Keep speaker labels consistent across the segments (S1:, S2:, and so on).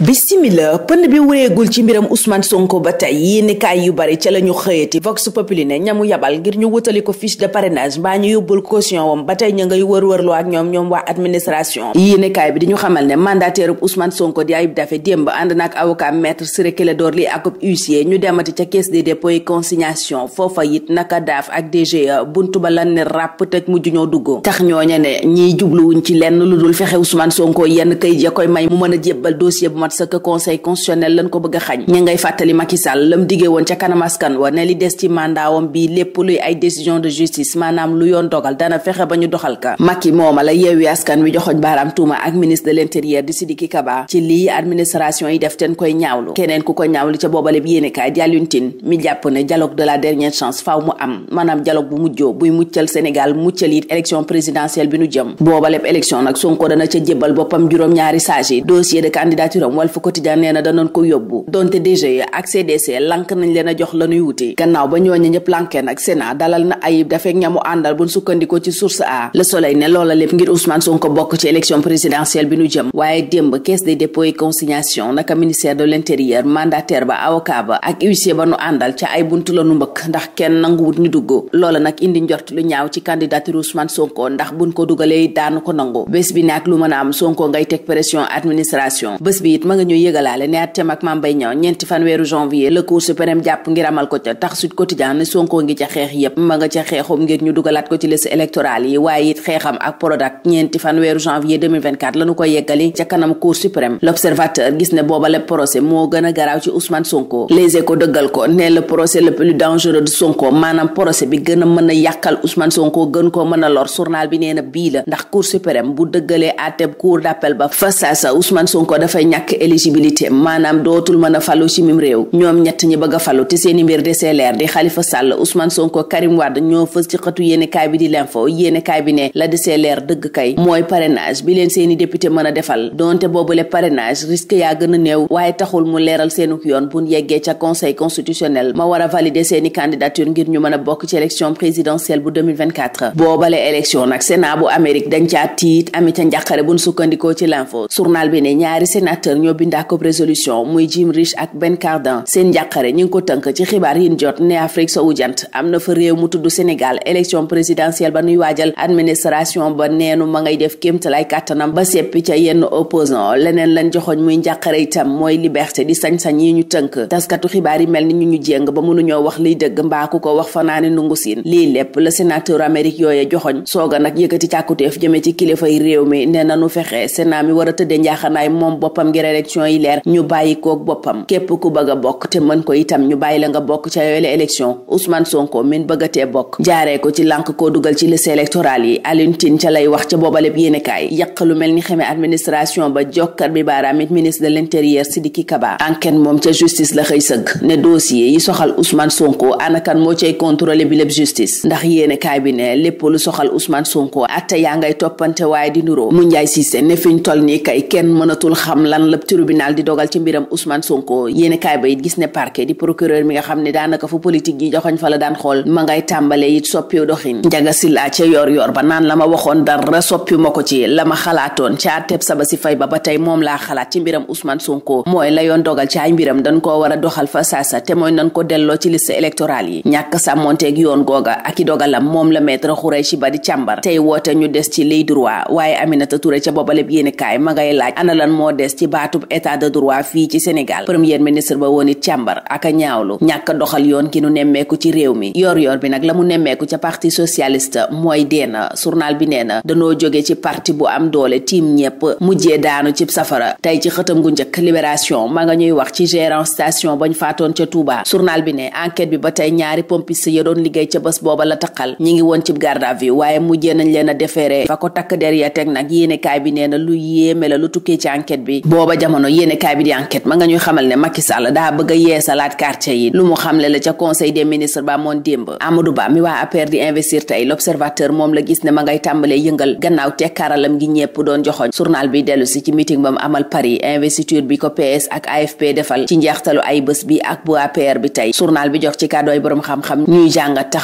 S1: bisimila pënd bi wureegul ci mbiram Ousmane Sonko ba tey yéenekaay yu bari ca la ñu xëyati vox populi ne ñamu yebal ngir ñu wutali ko fiche de parrainage mbaa ñu yóbbul caution wam ba tey ñu ngay loo ak ñoom ñoom waa administration yéenekaay bi di ñu xamal ne mandataire Ousmane Sonko di Ayib Daffé démb ànd na ak avocat maître Ciré Clédor Ly ak huissier ñu demati ca caisse des de et consignation foofa it naka daaf ak DGE bunt ba lan ne ràpp tëj mujj ñoo dugg tax ñooña ne ñiy jubluwuñ ci lenn lu dul fexe Ousmane Sonko yenn kayit ya koy may a parce que conseil constitutionnel lañ ko bëgg a xañ ñi ngay fàttali Macky Sall lam diggee woon ca kanam askan wa ne li des ci mandaawam bi lépp luy ay décision de justice maanaam lu yoon dogal dana fexe ba ñu doxal ka Macky mooma la yeewi askan wi joxoñ baaraam tuuma ak ministre de l'intérieur di Sidiki Kaba ci lii administration yi def teen koy ñaawlu keneen ku ko ñaawlu ca boobale bi yéenekaay di Alioune mi jàpp ne dialogue de la dernière chance faaw mu am maanaam dialogue bu mujjoo buy Walf Quotidien nee na danoon ko yóbbu donte DG ak CDC lank nañ leen a jox la ñuy wuti gannaaw ba ñooñu ñëpp lankee nag Sénat dalal na ayib dafek ñamu àndal buñ sukkandikoo ci a Le Soleil ne loola lépp ngir Ousmane Sonko bokk ci élection présidentielle bi nu jëm waaye démb caisse des dépôts et naka ministère de l'intérieur mandataire ba avocat ba ak huissier ba nu àndal ca ay buntu la nu mbëkk ndax kenn nanguwut ñu dugg loola nag indi njort lu ñaaw ci candidature Ousmane Sonko ndax buñ ko dugalee daanu ko nangu bés bi nag lu mën a am Sonko ngay teg pression administration bés bi it ma nga ñuy yëgalaale ne àtteem ak Mame Mbaye Niang ñeenti fan weeru janvier la Cour suprême jàpp ngir ko ca tax Sud Quotidien ne Sonko ngi ca xeex yépp ma nga ca xeexum ngir ñu dugalaat ko ci liste électorale yi waaye it xeexam ak Prodac ñeenti fan weeru janvier 2024 lañu ko yeggali ca kanam Cour suprême L'Observateur gis ne booba la procès moo gën a garaaw ci Ousmane Sonko Les Échos dëggal ko ne le procès le plus dangereux de Sonko maanaam procès bi gën a mën a yàqal Ousmane Sonko gën koo mën a lor journal bi nee na bii la ndax Cour suprême bu dëggalee àtteb Cour d'appel ba fa saasa Ousmane Sonko dafay ñàkk ñàkk éligibilité maanaam dootul mën a falu ci mim réew ñoom ñett ñi bëgg a falu te seeni mbir desee leer di Khalifa Sall Ousmane Sonko Karim Wade ñoo fës ci xëtu yéenekaay bi di l'info yéenekaay bi ne la desee leer dëgg kay mooy parrainage bi leen seeni député mën a defal donte boobule parrainage risque yaa gën a néew waaye taxul mu leeral seenuk yoon buñ yeggee ca conseil constitutionnel ma war a valider seeni candidature ngir ñu mën a bokk ci élection présidentielle bu 2024 boobale élection nag ñoo bind ak résolution muy Jim Rich ak Ben Cardin seen njàqare ñi ngi ko tënk ci xibaar yin jot ne Afrique sowu jant am na fa réew mu tudd Sénégal élection présidentielle ba nuy waajal administration ba neenu ma ngay def kéemtalaay ba seppi ca yenn opposant leneen lañ muy njàqare itam mooy liberté di sañ-sañ yi ñu tënk taskatu xibaar yi mel ni ñu ñu jéng ba mënuñoo wax liy dëgg mbaa ku ko wax fanaane ndungu siin lii lépp la sénateur Amérique yooye joxoñ sooga nag yëkkati càkkuteef jëme ci kilifay réew ne nanu fexe a élection yi leer ñu bàyyi koog boppam képp ku bëgg a bokk te mën ko itam ñu bàyyi la nga bokk ca yooyu la élection Ousmane Sonko min bëggatee bokk jaaree ko ci lànk koo dugal ci liste électorale yi Alioune Tine ca lay wax soxal Ousmane Sonko anakan moo cay contrôler bi lépp justice ndax yéenekaay bi ne lépp lu soxal Ousmane Sonko atte yaa ngay toppante waaye di nuroo mu njaay Cissé ne fiñ toll nii kay kenn mënatul xam lan la ab tribunal di dogal ci mbiram Ousmane Sonko yéeni kaay ba it gis ne parquet di procureur mi nga xam ne daanaka fu politique yi joxoñ fa la daan xool ma ngay tàmbale it soppiw doxin njaga la ma waxoon dara soppi ma ko ci la ma xalaatoon ca si fay ci mbiram Ousmane Sonko mooy la yoon ci ay mbiram dañ koo war a doxal fa saasa te mooy nan ko delloo ci liste électorale yi ñàkk sàmmonteeg yoon googa ak i dogalam moom la maître Khoureychi Ba di càmbar tey woote ñu des ci liy droit waaye Aminata Touré ca boobaleb yéeni ma ngay laaj ana lan moo des ci baat atub état de droit fii ci Sénégal premier ministre ba woon it càmbar ak ci réew mi yoor yoor bi nag la mu nemmeeku ca parti socialiste mooy dee na journal bi nee na danoo jóge ci parti bu am doole tiim ñépp mujjee daanu ci safara tey ci xëtam gu njëkk libération ma nga ñuy wax ci gérant station bañ faatoon ca Touba journal bi ne enquête bi ba tey ñaari pompiste ya doon liggéey ca bës booba la taqal ñi ngi woon ci garde à vue waaye mujjee nañ leen a defeere fa ko takk der ya teg nag yéenekaay bi nee lu yéeme la lu tukkee ci enquête bi booba jamono yéene kaay bi di enquête ma nga ñuy xamal ne Macky Sall daa bëgg a yeesalaat quartier yi lu mu xamle la ca conseil des ministres ba moon démb Amadou Ba mi waa APR di investir tey l'observateur moom la gis ne ma ngay tàmbalee yëngal gannaaw tekkaaralam gi ñepp doon joxoñ journal bi dellu ci meeting bam amal Paris investiture bi ko PS ak AFP defal ci njeextalu ay bés bi ak bu APR bi tey journal bi jox ci kàddooy borom xam-xam ñuy jàngat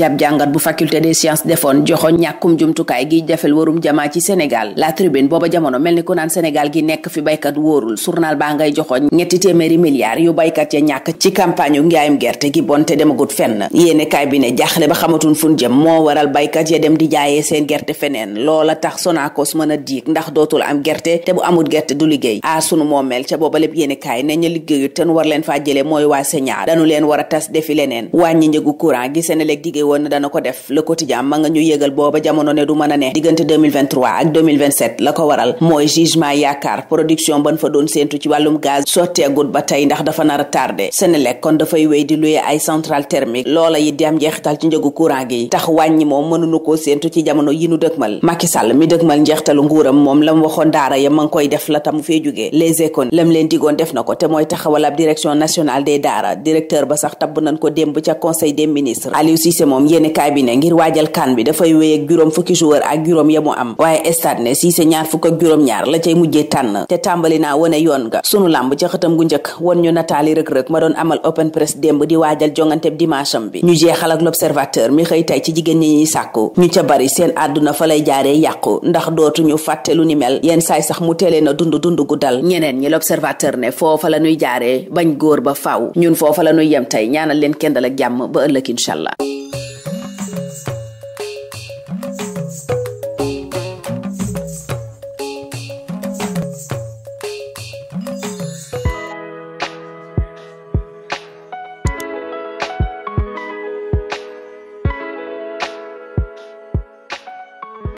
S1: a ab jàngat bu faculté des sciences defoon joxo ñàkkum jumtukaay gi jafel warum jamaa ci Sénégal la tribune booba jamono mel ni ku naan Sénégal gi nekk fi baykat wóorul journal baa ngay joxoñ ñetti téeméeri milliards yu baykat ya ñàkk ci campagne yu njaayum gerte gi bonte demagut fenn yéene kaay bi ne jaaxle ba xamatun fun jëm moo waral baykat ya dem di jaayee seen gerte feneen loola tax Sonacos mën a diig ndax dootul am gerte te bu amul gerte du liggéey aar sunu moomeel ca booba lépp yéene kaay ne ñu liggéeyut ten war leen faa jële mooy waa señaar danu leen a tas defi leneen wàññi woon ne dana ko def le quotidien ma nga yëgal booba jamono ne du mën ne diggante ak la ko waral mooy jugement yaakaar production ban fa doon séentu ci wàllum gaz sotteegut ba tey ndax dafa nar a tardé Senelec kon dafay wéy di luye ay centrale thermique loola yi di am njeextal ci njëgu courant gi tax wàññi moom mënuñu koo séentu ci jamono yi nu dëkmal Macky mi dëkmal njeextalu nguuram moom la waxoon daara ya koy def la tamu fee jugee les yéenekaay bi ne ngir waajal kan bi dafay wéy ak juróom fukki joueur ak juróom ya mu am waaye stade ne Cissé ñaar fukk ak juróom-ñaar la cay mujjee tànn te tàmbali naa wone yoon ga sunu làmb ca xëtam gu njëkk won ñu nataali rek rek ma doon amal open press démb di waajal jonganteb dimanche am bi ñu jeexal ak l'observateur mi xëy tey ci jigéen ñi ñuy sàkku ñu ca bari seen àdduna fa lay jaaree yàqu ndax dootuñu fàtte lu ni mel yenn saay sax mu teelee na dund dund gu ñeneen ñi l'observateur ne foofa la ñuy jaaree bañ góor ba faaw ñun foofa la ñuy yem tey ñaanal leen kendal ak jàmm ba ëllëg incha